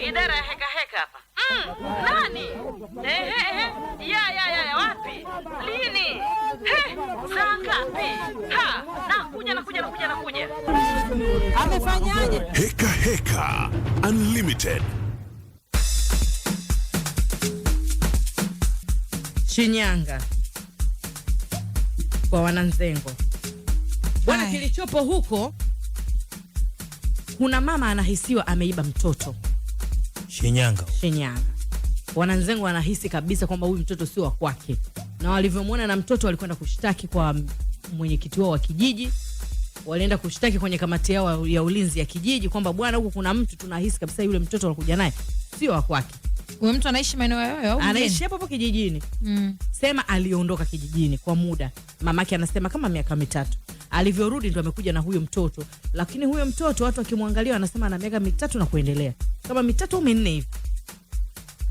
idara ya heka heka hapa. Mm, nani? Eh eh, eh, eh, ya ya ya ya wapi? Lini? He, saa ngapi? Ha, nakuja nakuja nakuja nakuja. Amefanyaje? Heka heka unlimited. Shinyanga kwa wananzengo bwana, kilichopo huko kuna mama anahisiwa ameiba mtoto Shinyanga. Shinyanga. Wananzengo wanahisi kabisa kwamba huyu mtoto sio wa kwake, na walivyomwona na mtoto walikwenda kushtaki kwa mwenyekiti wao wa kijiji, walienda kushtaki kwenye kamati yao ya ulinzi ya kijiji kwamba bwana, huku kuna mtu tunahisi kabisa yule mtoto alikuja naye sio wa kwake. Huyo mtu anaishi maeneo hayo au anaishi hapo hapo kijijini? Mm. Sema aliondoka kijijini kwa muda, mamake anasema kama miaka mitatu Alivyorudi ndo amekuja na huyo mtoto, lakini huyo mtoto watu wakimwangalia wanasema ana miaka mitatu na kuendelea, kama mitatu au minne hivi,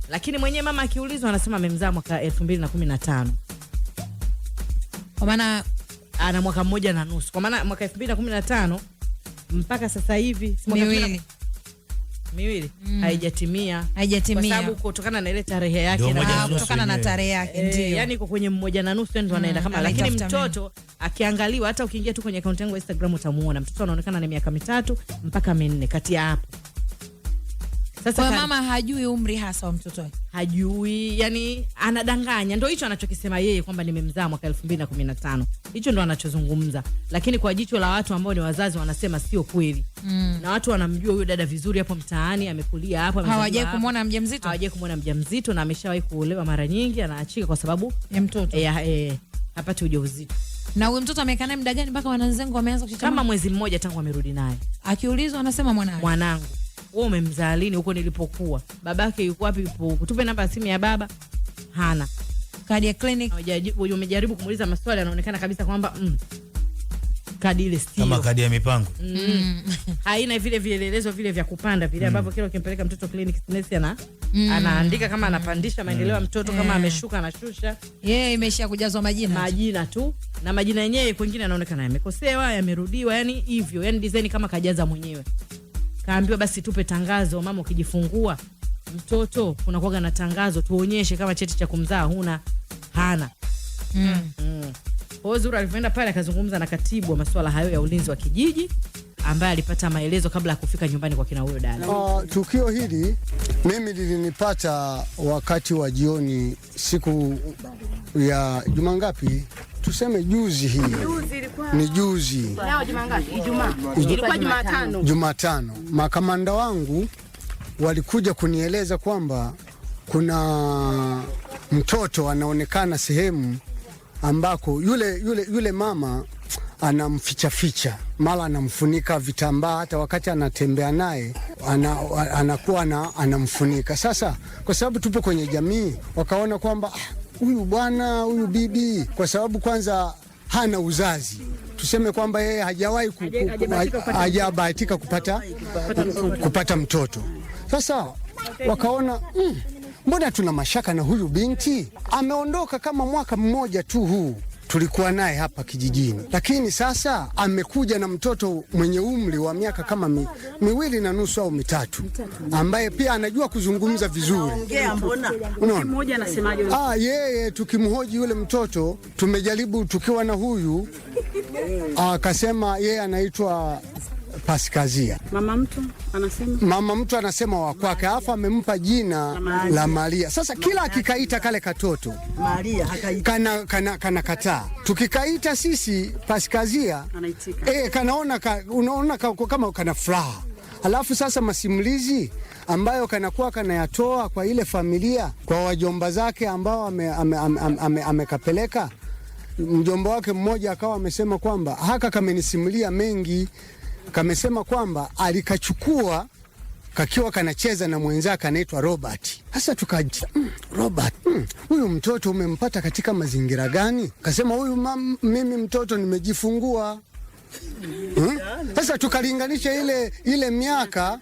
lakini mwenyewe mama akiulizwa anasema amemzaa mwaka elfu mbili na kumi na tano kwa maana ana mwaka mmoja na nusu, kwa maana mwaka elfu mbili na kumi na tano mpaka sasa hivi miwili miwili mm. haijatimia haijatimia, kwa sababu kutokana na ile tarehe yake na kutokana na tarehe yake eh, ndio yani iko kwenye mmoja na nusu ndio anaenda mm, kama, lakini mtoto akiangaliwa, hata ukiingia tu kwenye akaunti yangu ya Instagram utamuona mtoto anaonekana na miaka mitatu mpaka minne kati ya hapo kwa mama hajui umri hasa wa mtoto wake, hajui yani, anadanganya. Ndio hicho anachokisema yeye kwamba nimemzaa mwaka 2015 hicho ndo anachozungumza, lakini kwa jicho la watu ambao ni wazazi wanasema sio kweli mm. na watu wanamjua huyo dada vizuri hapo mtaani, amekulia hapo, hawajawahi kumwona mjamzito, hawajawahi kumwona mjamzito, na ameshawahi kuolewa mara nyingi, anaachika kwa sababu ya mtoto eh, eh, hapati ujauzito na huyu mtoto amekaa naye muda gani mpaka wanazengo wameanza kuchitama? Kama mwezi mmoja tangu amerudi naye. Akiulizwa anasema mwanangu, mwanangu wewe umemzaa lini huko nilipokuwa? Babake yuko wapi? Yupo huko. Tupe namba ya simu ya baba. Hana. Kadi ya clinic. Umejaribu kumuuliza maswali, anaonekana kabisa kwamba mm, kadi ile sio kama kadi ya mipango mm. haina vile vielelezo vile vya kupanda vile mm. ambavyo mm. kila ukimpeleka mtoto clinic nesi ana mm. anaandika kama anapandisha maendeleo ya mm. mtoto kama yeah. ameshuka anashusha yeye yeah, imesha kujazwa majina majina tu na majina yenyewe kwingine yanaonekana yamekosewa yamerudiwa yani hivyo yani design kama kajaza mwenyewe kaambiwa basi tupe tangazo, mama, ukijifungua mtoto kunakuwaga na tangazo, tuonyeshe kama cheti cha kumzaa huna hana. Mm. Mm. Zura alivyoenda pale akazungumza na katibu wa masuala hayo ya ulinzi wa kijiji ambaye alipata maelezo kabla ya kufika nyumbani kwa kina huyo dada. Uh, tukio hili mimi lilinipata wakati wa jioni siku ya juma ngapi tuseme juzi hii ni juzi, Jumatano, makamanda wangu walikuja kunieleza kwamba kuna mtoto anaonekana sehemu ambako yule, yule, yule mama anamfichaficha mara anamfunika vitambaa, hata wakati anatembea naye ana, anakuwa anamfunika. Sasa kwa sababu tupo kwenye jamii, wakaona kwamba ah, huyu bwana huyu bibi, kwa sababu kwanza hana uzazi tuseme kwamba yeye hajawahi hajabahatika kupata, kupata mtoto. Sasa wakaona mm, mbona tuna mashaka na huyu binti, ameondoka kama mwaka mmoja tu huu tulikuwa naye hapa kijijini, lakini sasa amekuja na mtoto mwenye umri wa miaka kama mi, miwili na nusu au mitatu, ambaye pia anajua kuzungumza vizuri. Ah, yeye, tukimhoji yule mtoto, tumejaribu tukiwa na huyu ah, akasema yeye anaitwa Paskazia. Mama mtu anasema, mama mtu anasema wa kwake, alafu amempa jina la Maria. La Maria. Sasa kila akikaita kale katoto Maria kana, kana, kana kataa, tukikaita sisi Paskazia eh, kanaona ka, unaona ka, kama kana furaha, alafu sasa masimulizi ambayo kanakuwa kanayatoa kwa ile familia kwa wajomba zake ambao amekapeleka mjomba wake mmoja akawa amesema kwamba haka kamenisimulia mengi kamesema kwamba alikachukua kakiwa kanacheza na mwenzake anaitwa Robert. Sasa tukaji mm, Robert hmm, huyu mm, mtoto umempata katika mazingira gani? Kasema huyu mimi mtoto nimejifungua hmm? sasa hmm? Tukalinganisha ile, ile miaka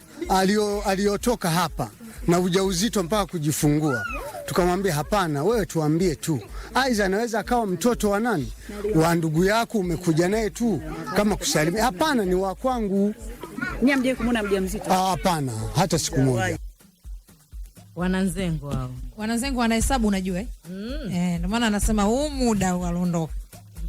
aliyotoka hapa na ujauzito mpaka kujifungua. Tukamwambia hapana, wewe tuambie tu, aidha anaweza akawa mtoto wa nani, wa ndugu yako, umekuja naye tu kama kusalimia. Hapana, ni wa kwangu. Ah, hapana, hata siku moja. Wananzengo hao, wananzengo wanahesabu, unajua eh, mm. eh ndio maana anasema huu muda walondoka,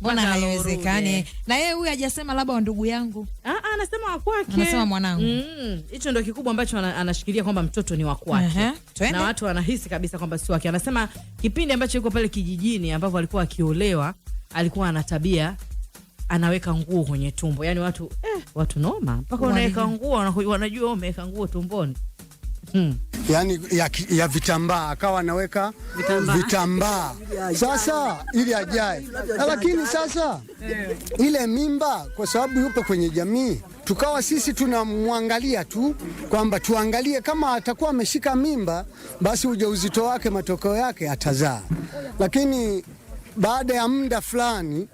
mbona haiwezekani? Na yeye huyu hajasema labda wa ndugu yangu, ah anasema wa kwake, anasema mwanangu. Mm, hicho mm, ndio kikubwa ambacho anashikilia kwamba mtoto ni wa kwake uh -huh. na watu wanahisi kabisa kwamba si wake. Anasema kipindi ambacho yuko pale kijijini ambapo alikuwa akiolewa, alikuwa ana tabia anaweka nguo kwenye tumbo, yaani watu eh, watu noma mpaka unaweka nguo wanajua umeweka nguo tumboni hmm. Yani ya, ya vitambaa akawa anaweka vitambaa vitamba. sasa ili ajae, lakini sasa ile mimba, kwa sababu yupo kwenye jamii, tukawa sisi tunamwangalia tu kwamba tuangalie kama atakuwa ameshika mimba, basi ujauzito wake, matokeo yake atazaa, lakini baada ya muda fulani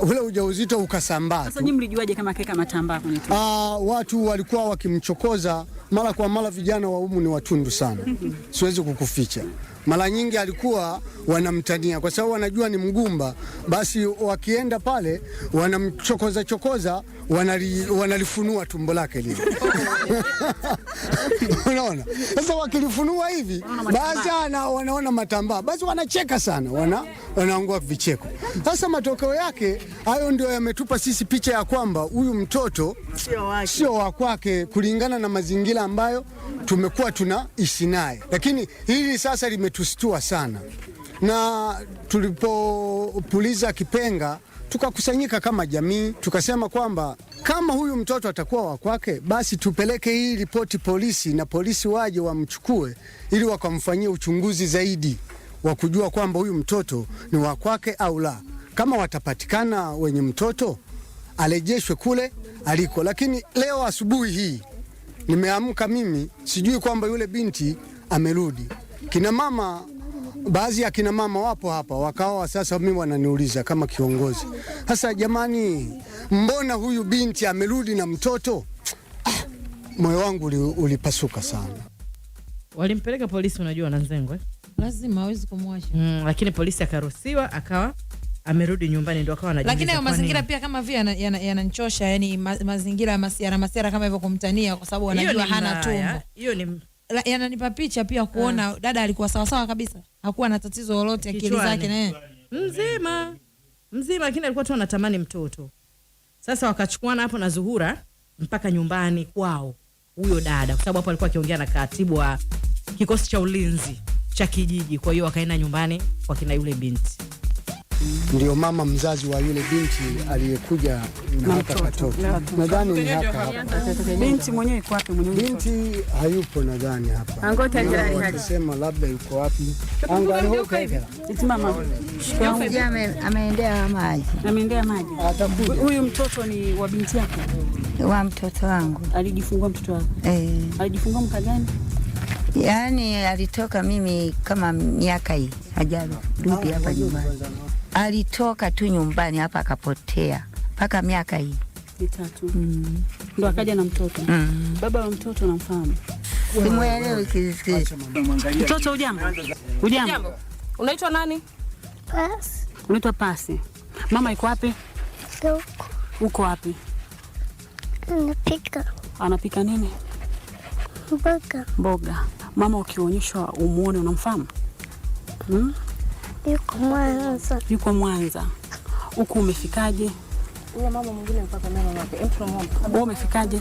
ule ujauzito ukasambaa. Sasa nyinyi mlijuaje kama kaweka matambaa kwenye tumbo? Ah, watu walikuwa wakimchokoza mara kwa mara vijana wa humu ni watundu sana, siwezi kukuficha mara nyingi alikuwa wanamtania kwa sababu wanajua ni mgumba, basi wakienda pale wanamchokoza chokoza, wanali, wanalifunua tumbo lake lile unaona. Sasa wakilifunua hivi basi wanaona matambaa, basi wanacheka sana, wana wanaangua vicheko. Sasa matokeo yake hayo ndio yametupa sisi picha ya kwamba huyu mtoto sio wa kwake kulingana na mazingira ambayo tumekuwa tunaishi naye, lakini hili sasa lime imetustua sana, na tulipopuliza kipenga tukakusanyika kama jamii, tukasema kwamba kama huyu mtoto atakuwa wa kwake, basi tupeleke hii ripoti polisi, na polisi waje wamchukue ili wakamfanyie uchunguzi zaidi wa kujua kwamba huyu mtoto ni wa kwake au la. Kama watapatikana wenye mtoto arejeshwe kule aliko. Lakini leo asubuhi hii nimeamka mimi, sijui kwamba yule binti amerudi. Kina mama baadhi ya kina mama wapo hapa wakaoa. Sasa mimi wananiuliza kama kiongozi, sasa jamani, mbona huyu binti amerudi na mtoto? Ah, moyo wangu ulipasuka sana. Walimpeleka polisi, unajua na wanazengwe lazima hawezi kumwacha mm, lakini polisi akaruhusiwa akawa amerudi nyumbani ndio akawa anajiuliza. Lakini mazingira pia kama vile yananichosha, yana, yana yani ma, mazingira yana masiara kama hivyo kumtania, kwa sababu anajua hana tumbo. Hiyo ni yananipa picha pia kuona ha. Ah. Dada alikuwa sawasawa kabisa, hakuwa na tatizo lolote, akili zake naye mzima mzima, lakini alikuwa tu anatamani mtoto. Sasa wakachukuana hapo na Zuhura mpaka nyumbani kwao huyo dada, kwa sababu hapo alikuwa akiongea na katibu wa kikosi cha ulinzi cha kijiji. Kwa hiyo wakaenda nyumbani kwa kina yule binti ndio mama mzazi wa yule binti aliyekuja na hata katoto. Nadhani ni hapa hapa. Binti mwenyewe yuko wapi? Mwenyewe Binti hayupo nadhani hapa. Ango tajari hadi. Sema labda yuko wapi? Ango alihoka hivi. Eti mama. Ameendea maji. Ameendea maji. Atakuja. Huyu mtoto ni wa binti yako? Wa mtoto wangu. Alijifungua mtoto wako? Eh. Alijifungua mka gani? Yaani alitoka mimi kama miaka hii ajabu ah, Rudi hapa nyumbani alitoka tu nyumbani hapa akapotea mpaka miaka hii mitatu mm. Ndo akaja na mtoto mm. Baba wa mtoto namfahamu, simwelewi kizikii. Mtoto ujambo, ujambo, unaitwa nani? Pasi. Unaitwa Pasi. Mama iko wapi? Uko wapi? Anapika. Anapika nini? Mboga. Mboga. Mama ukionyeshwa umwone unamfahamu? mm? Yuko Mwanza. Yuko Mwanza. Huku umefikaje? Wewe umefikaje?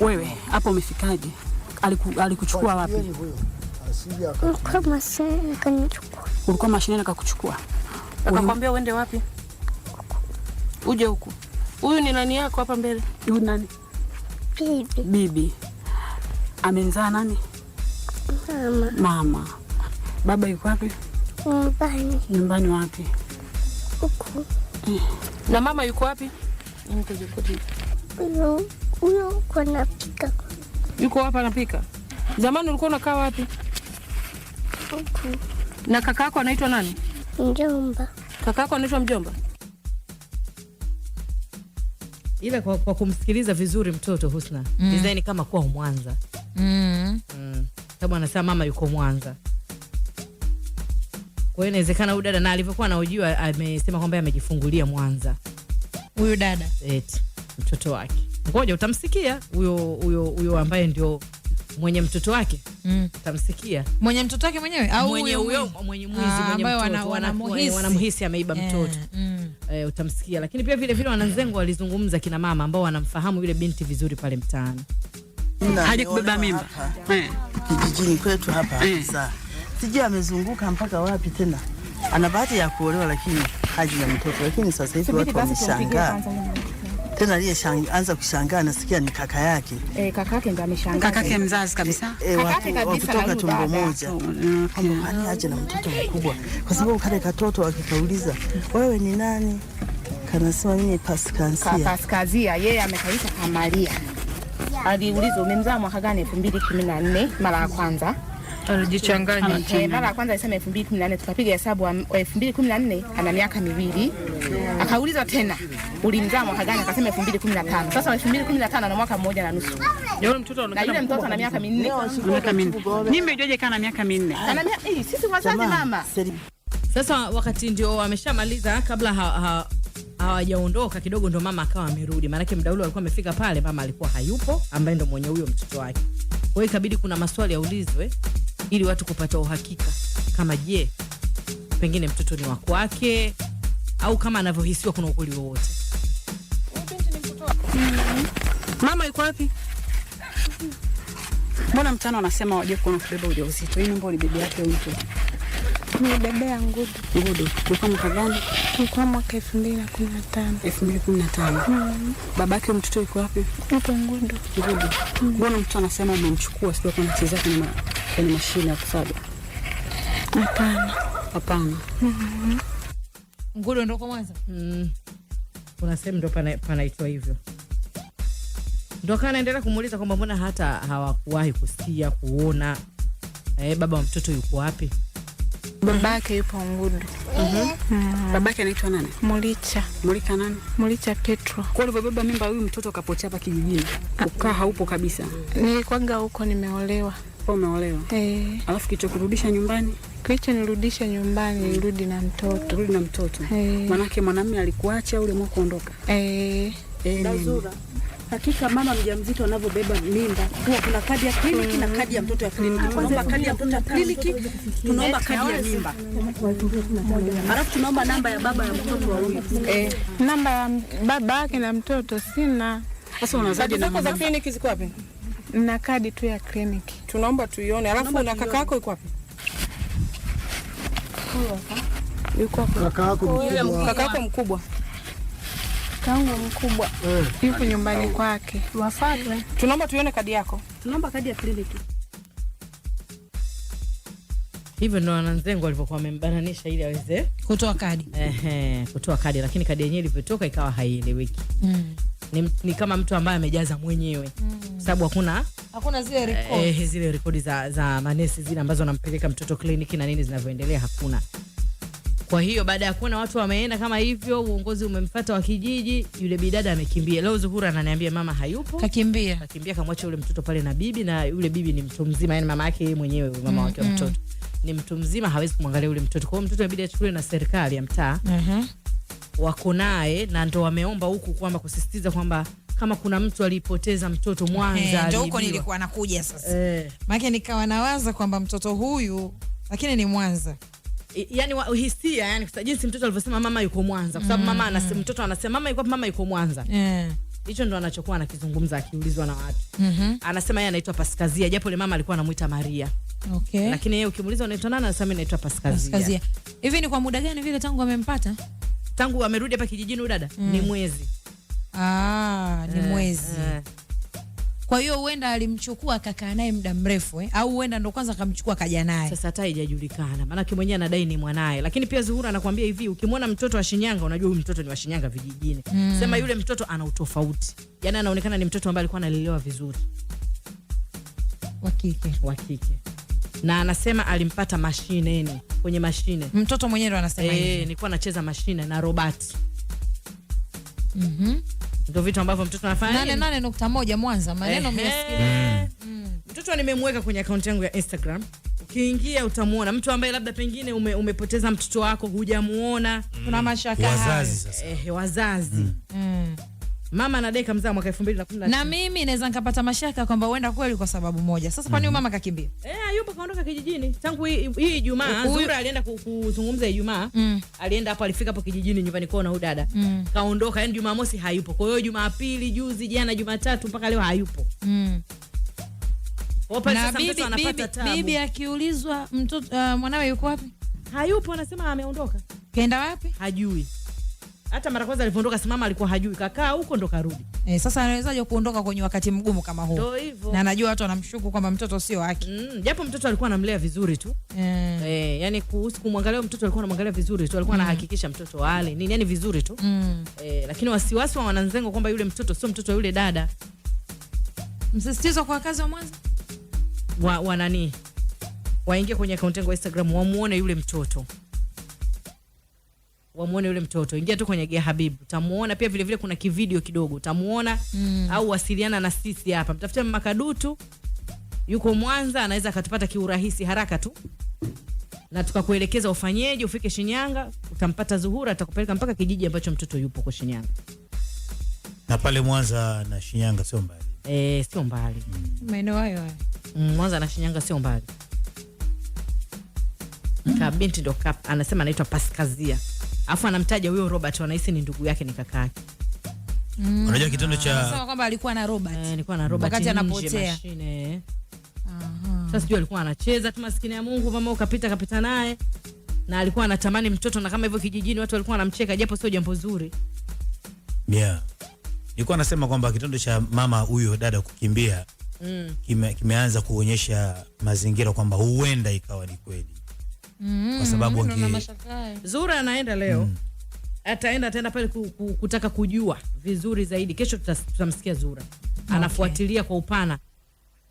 Wewe hapo umefikaje? Alikuchukua wapi? Ulikuwa mashinani akakuchukua? Akakwambia uende wapi? Uje huku. Huyu ni nani yako hapa mbele? Huyu nani? Bibi. Bibi. Amenzaa nani? Mama. Mama. Baba yuko wapi? Nyumbani. Nyumbani wapi? Huko. Na mama yuko wapi? Yaani huyo anapika. Yuko hapa anapika. Zamani ulikuwa unakaa wapi? Huko. Na kaka yako anaitwa nani? Mjomba. Kaka yako anaitwa mjomba? Ila kwa, kwa kumsikiliza vizuri mtoto Husna, mm. Design kama kwa Mwanza. Mm. Mm. Sababu anasema mama yuko Mwanza. Kwa hiyo inawezekana huyu dada na alivyokuwa anaojua amesema kwamba amejifungulia Mwanza huyu dada eti mtoto wake. Ngoja utamsikia huyo huyo huyo ambaye ndio mwenye mtoto wake mm. Tamsikia mwenye mtoto wake mwenyewe au mwenye huyo mwenye mwizi ah, mwenye wana, wanamhisi ameiba eh, mtoto yeah. mm. E, utamsikia. Lakini pia vile vile wananzengo walizungumza kina mama ambao wanamfahamu yule binti vizuri pale mtaani, hadi kubeba mimba eh. kijijini kwetu hapa eh sijui amezunguka mpaka wapi tena. Ana bahati ya kuolewa, lakini haji ya mtoto. Lakini sasa hivi watu wameshangaa tena, aliye anza kushangaa nasikia ni kaka yake eh, kaka yake ndiye ameshangaa, kaka yake mzazi kabisa, e, kaka yake kabisa, kutoka tumbo moja, oh, kwamba hali aje na mtoto mkubwa, kwa sababu kale katoto akikauliza wewe ni nani, kanasema mimi Paskazia, Paskazia, yeye amekaita Kamalia. Aliulizwa umemzaa mwaka gani? 2014 mara ya kwanza alijichanganya mara ya kwanza alisema 2014 tukapiga hesabu wa 2014 ana miaka miwili. Akaulizwa tena ulimzaa mwaka gani? Akasema 2015. Sasa 2015 na mwaka mmoja na nusu. Yule mtoto anaonekana yule mtoto ana miaka minne. Miaka minne. Nyimbe ijoje kana miaka minne. Ana miaka sisi wazazi mama. Sasa wakati ndio wameshamaliza kabla ha, ha, hawajaondoka kidogo, ndo mama akawa amerudi, maanake muda ule alikuwa amefika pale, mama alikuwa hayupo, ambaye ndo mwenye huyo mtoto wake. Kwa hiyo ikabidi kuna maswali yaulizwe ili watu kupata uhakika kama je, pengine mtoto ni wa kwake au kama anavyohisiwa kuna ukweli wowote. Mm-hmm. Mama yuko wapi? Mbona mtano anasema waje kuona kubeba ujauzito? Hii namba ni bibi yake mtu. Ni bebe ya Ngudu. Ngudu. Ulikuwa mwaka gani? Ulikuwa mwaka 2015. 2015. Mm. Babake mtoto yuko wapi? Yupo Ngudu. Ngudu. Mm. Mbona mtu anasema amemchukua sio kwa anachezea kwenye kwenye mashine ya kusaga? Hapana, hapana. Mm-hmm. Ngudo ndo kwa Mwanza. Mm. Kuna sehemu ndo panaitwa hivyo. Ndo kana naendelea kumuuliza kwamba mbona hata hawakuwahi kusikia kuona, eh, baba wa mtoto yuko wapi? Babake yupo Ngudu. Mhm. Mm. Babake anaitwa nani? Mulicha. Mulika nani? Mulicha Petro. Kwa hivyo baba mimba huyu mtoto kapotea hapa kijijini. Ah. Ukaa haupo kabisa. Nilikwanga huko nimeolewa ulikuwa umeolewa hey. Eh. Alafu kilichokurudisha nyumbani? nirudisha nyumbani hmm. Rudi na mtoto, rudi na mtoto hey. Eh. Manake mwanamume alikuacha au uliamua kuondoka? hey. Eh. hey. Dazura, hakika mama mjamzito anavyobeba mimba huwa kuna kadi ya kliniki na kadi ya mtoto ya kliniki. Mm. Tunaomba kadi ya mtoto ya kliniki, tunaomba kadi ya mimba, alafu tunaomba namba ya baba ya mtoto wa huyo eh. Namba ya baba yake na mtoto sina. Sasa unazaje na mama? Kliniki ziko wapi? na kadi tu ya kliniki. Tunaomba tuione. Alafu na kaka yako yuko wapi? Yuko kaka yako mkubwa kangu mkubwa eh. yuko nyumbani kwake. Wafadhe, Tunaomba tuione kadi yako. Tunaomba kadi ya kliniki. Hivyo ndo wananzengo walivyokuwa wamembananisha ili aweze kutoa kadi ehe, kutoa kadi, lakini kadi yenyewe ilivyotoka ikawa haieleweki mm. Ni, ni kama mtu ambaye amejaza mwenyewe mm sababu hakuna hakuna zile eh, rekodi eh, zile rekodi za, za manesi zile ambazo wanampeleka mtoto kliniki na nini zinavyoendelea hakuna. Kwa hiyo baada ya kuona watu wameenda kama hivyo, uongozi umemfuata wa kijiji, yule bidada amekimbia. Leo Zuhura ananiambia mama hayupo, kakimbia, kakimbia kamwacha yule mtoto pale na bibi, na yule bibi ni mtu mzima, yani mama yake yeye mwenyewe, mama mm-hmm. wake wa mm -hmm. mtoto ni mtu mzima, hawezi kumwangalia yule mtoto. Kwa hiyo mtoto inabidi achukuliwe na serikali ya mtaa mm -hmm. wako naye, na ndo wameomba huku kwamba kusisitiza kwamba kama kuna mtu alipoteza mtoto Mwanza. Eh, ndio huko nilikuwa nakuja sasa. Eh. Maana nikawa nawaza kwamba mtoto huyu lakini ni Mwanza. Yaani hisia yani kwa jinsi mtoto alivyosema mama yuko Mwanza kwa sababu mama mm-hmm. anasema mtoto anasema mama yuko mama yuko Mwanza. Eh. Hicho ndo anachokuwa anakizungumza akiulizwa na watu. Mm-hmm. Anasema yeye anaitwa Paskazia japo yule mama alikuwa anamuita Maria. Okay. Lakini yeye ukimuuliza unaitwa nani anasema mimi naitwa Paskazia. Paskazia. Hivi ni kwa muda gani vile tangu amempata? Tangu amerudi hapa kijijini dada? Mm. Ni mwezi. Ah, ni eh, mwezi eh. Kwa hiyo huenda alimchukua akakaa naye muda mrefu eh? Au huenda ndo kwanza akamchukua kaja naye. Sasa hata haijajulikana, maanake mwenyewe anadai ni mwanaye, lakini pia Zuhura anakuambia hivi, ukimwona mtoto wa Shinyanga unajua huyu mtoto ni wa Shinyanga vijijini mm. Sema yule mtoto ana utofauti, yaani anaonekana ni mtoto ambaye alikuwa analelewa vizuri, wa kike wa kike, na anasema alimpata mashineni, kwenye mashine. Mtoto mwenyewe anasema hivi, eh, nilikuwa nacheza mashine na robati mm -hmm. Ndio vitu ambavyo mtoto anafanya. Nane nane nukta moja Mwanza, maneno mm. Mtoto nimemweka kwenye akaunti yangu ya Instagram. Ukiingia utamuona mtu ambaye labda pengine ume, umepoteza mtoto wako hujamuona. Kuna mashaka Wazazi sasa. Eh, wazazi. Mm mama na Deka mzaa mwaka 2019. Na na mimi naweza nikapata mashaka kwamba huenda kweli kwa sababu moja. Sasa kwa nini mhm. mama kakimbia? Eh, yupo kaondoka kijijini. Tangu hii Ijumaa, Zura alienda kuzungumza Ijumaa, Mm. alienda hapo alifika hapo kijijini nyumbani kwao na huyu dada. Mm. Kaondoka, yani Jumamosi hayupo. Kwa hiyo Jumapili, juzi, jana, Jumatatu mpaka leo hayupo. Mm. Opa, na bibi, bibi, bibi akiulizwa mtoto uh, mwanawe yuko wapi? Hayupo, anasema ameondoka. Kaenda wapi? Hajui. Hata mara kwanza alivyoondoka simama alikuwa hajui kakaa huko ndo karudi. Eh, sasa anawezaje kuondoka kwenye wakati mgumu kama huu? Ndio hivyo. Na anajua watu wanamshuku kwamba mtoto sio wake. Mm, japo mtoto alikuwa anamlea vizuri tu. Mm. Eh, yani kuhusu kumwangalia mtoto alikuwa anamwangalia vizuri tu. Alikuwa mm. anahakikisha mm. mtoto wale nini yani vizuri tu. Mm. Eh, lakini wasiwasi wa wananzengo kwamba yule mtoto sio mtoto wa yule dada. Msisitizo kwa kazi wa mwanzo wa, wa nani? Waingie kwenye akaunti yangu Instagram wamuone yule mtoto wamuone yule mtoto. Ingia tu kwenye Gea Habibu, utamuona pia vilevile vile, kuna kivideo kidogo utamuona mm. au wasiliana na sisi hapa, mtafute Makadutu yuko Mwanza, anaweza akatupata kiurahisi haraka tu na tukakuelekeza ufanyeje, ufike Shinyanga, utampata Zuhura, atakupeleka mpaka kijiji ambacho mtoto yupo kwa Shinyanga. Na pale Mwanza na Shinyanga sio mbali eh, sio mbali mm. maeneo hayo hayo mm, Mwanza na Shinyanga sio mbali mm. Kabinti ndo kap anasema anaitwa Paskazia afu anamtaja huyo Robert, wanahisi ni ndugu yake, ni kaka yake. Mm. Unajua kitendo cha sema kwamba alikuwa na Robert. Eh, alikuwa na Robert wakati anapotea. Eh. Sasa sijui alikuwa anacheza tu maskini ya Mungu, mama ukapita kapita naye na alikuwa anatamani mtoto, na kama hivyo kijijini watu walikuwa wanamcheka, japo sio jambo zuri. Yeah. Nilikuwa nasema kwamba kitendo cha mama huyo dada kukimbia mm. kime, kimeanza kuonyesha mazingira kwamba huenda ikawa ni kweli mm, kwa sababu wange... Zura anaenda leo mm. Ataenda ataenda pale ku, ku, kutaka kujua vizuri zaidi. Kesho tutamsikia Zura anafuatilia okay. kwa upana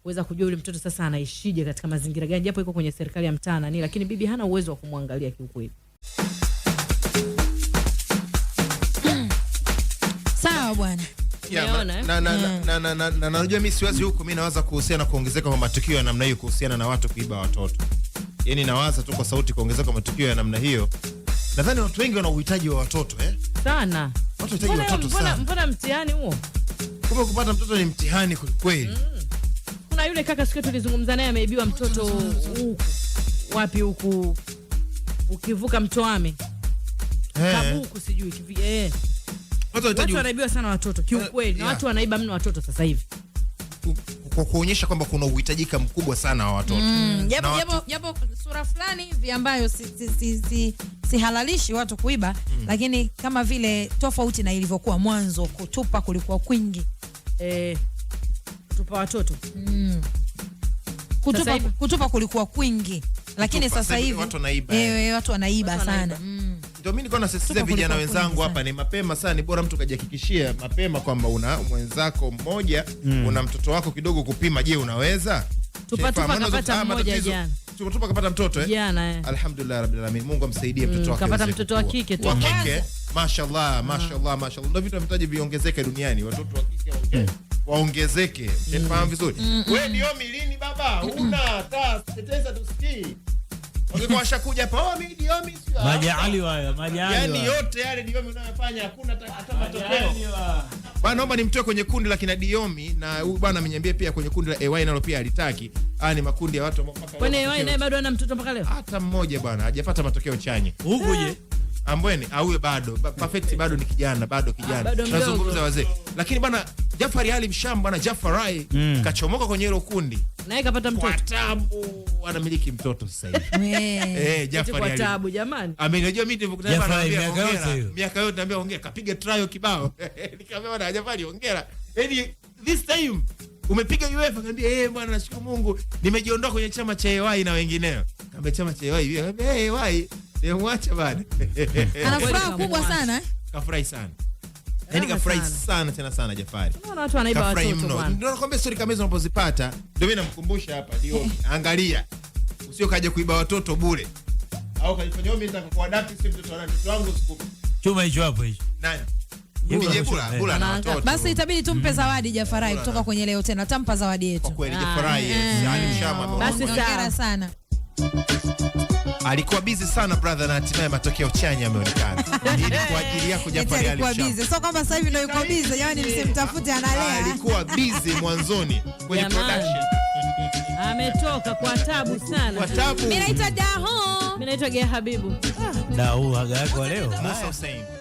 kuweza kujua yule mtoto sasa anaishije katika mazingira gani, japo iko kwenye serikali ya mtaa nani, lakini bibi hana uwezo wa kumwangalia kiukweli. Sawa bwana. Mm. Najua mimi siwazi huku, mi nawaza kuhusiana kuongezeka kwa matukio ya namna hiyo kuhusiana na watu kuiba watoto yani nawaza tu kwa sauti kuongezeka matukio ya namna hiyo. Nadhani watu wengi wana uhitaji wa watoto eh? Sana. Watu hitaji watoto sana. Mbona mtihani huo? Kumbe kupata mtoto ni mtihani kwelikweli. Mm. Kuna yule kaka siku tulizungumza naye ameibiwa mtoto huku. Wapi huku? Ukivuka Mtoame. Hey. Eh. Kabuku sijui kivi. Eh. Watu wanaibiwa sana watoto kiukweli, eh, na watu wanaiba mno watoto sasa hivi kwa kuonyesha kwamba kuna uhitajika mkubwa sana wa watoto japo mm, japo mm, sura fulani hivi ambayo si, si, si, si, si halalishi watu kuiba mm, lakini kama vile tofauti na ilivyokuwa mwanzo, kutupa kulikuwa kwingi eh, kutupa watoto mm. kutupa, kutupa kulikuwa kwingi, lakini sasa hivi watu wanaiba, e, watu wanaiba sana, wanaiba. Mm ndio mimi nilikuwa nasisitiza vijana wenzangu hapa, ni mapema sana, ni bora mtu kajihakikishia mapema kwamba una mwenzako mmoja mm. una mtoto wako kidogo kupima, je, unaweza tupa ah, kapata mtoto eh? Yeah, alhamdulillah rabbil alamin, Mungu amsaidie mm, mtoto wake kapata mtoto wa kike tu, wa kike mashallah, ah. mashallah, mashallah. Ndio vitu vinahitaji viongezeke duniani, watoto wa kike waongee mm. waongezeke. mm. Unafahamu vizuri mm, wewe, niomi lini baba, una taa teteza tusikii Walikuwa Majali majali. yote yale Diomi unayofanya hakuna hata matokeo. naomba nimtoe kwenye kundi la kina Diomi na huyu bwana ameniambia pia kwenye kundi la AY nalo pia alitaki Haya ni makundi ya watu AY naye bado ana mtoto mpaka leo? Hata mmoja bwana hajapata matokeo chanya. Huko je? Ambweni auwe bado perfect bado ni kijana bado kijana. Tunazungumza wazee. Lakini bwana Jafari Ali Msham bwana mm, kachomoka kwenye hilo kundi naye kapata mtoto anamiliki mtoto sasa eh, jamani, amenijua mimi miaka yote naambia ongea, kapiga trial kibao nikamwambia bwana Jafari ongea, yani this time umepiga UEFA? Kaambia eh, bwana nashukuru Mungu nimejiondoa kwenye chama cha AY na wengineo. Kaambia chama cha AY hivi? Kaambia eh, bana. Ana kubwa sana, eh? kafurahi sana yani kafurahi sana tena sana Jafari. Unaona watu wanaiba watoto bwana. Ndio nakwambia stori kama hizo unapozipata ndio mimi namkumbusha hapa Diomi. Angalia. Usio kaje kuiba watoto bure. Au kajifanyao mimi nitakuadapti si mtoto wangu, mtoto wangu sikupi. Chuma hicho hapo hicho. Nani? Basi itabidi tumpe mm. zawadi Jafarai kutoka kwenye leo tena, tampa zawadi yetu. Kwa kweli ah. Jafarai, eh, yani mshama. Basi hongera sana alikuwa busy sana brother, na hatimaye matokeo chanya yameonekana. Ili kwa ajili yako japo alikuwa busy, so kama sasa hivi ndio yuko busy, yani msimtafute analea. Ah, alikuwa busy mwanzoni kwenye production, ametoka kwa tabu sana. kwa tabu. Mimi naitwa Daho, mimi naitwa Gea Gehabibu. Ah. Daho aga yako leo Musa Hussein.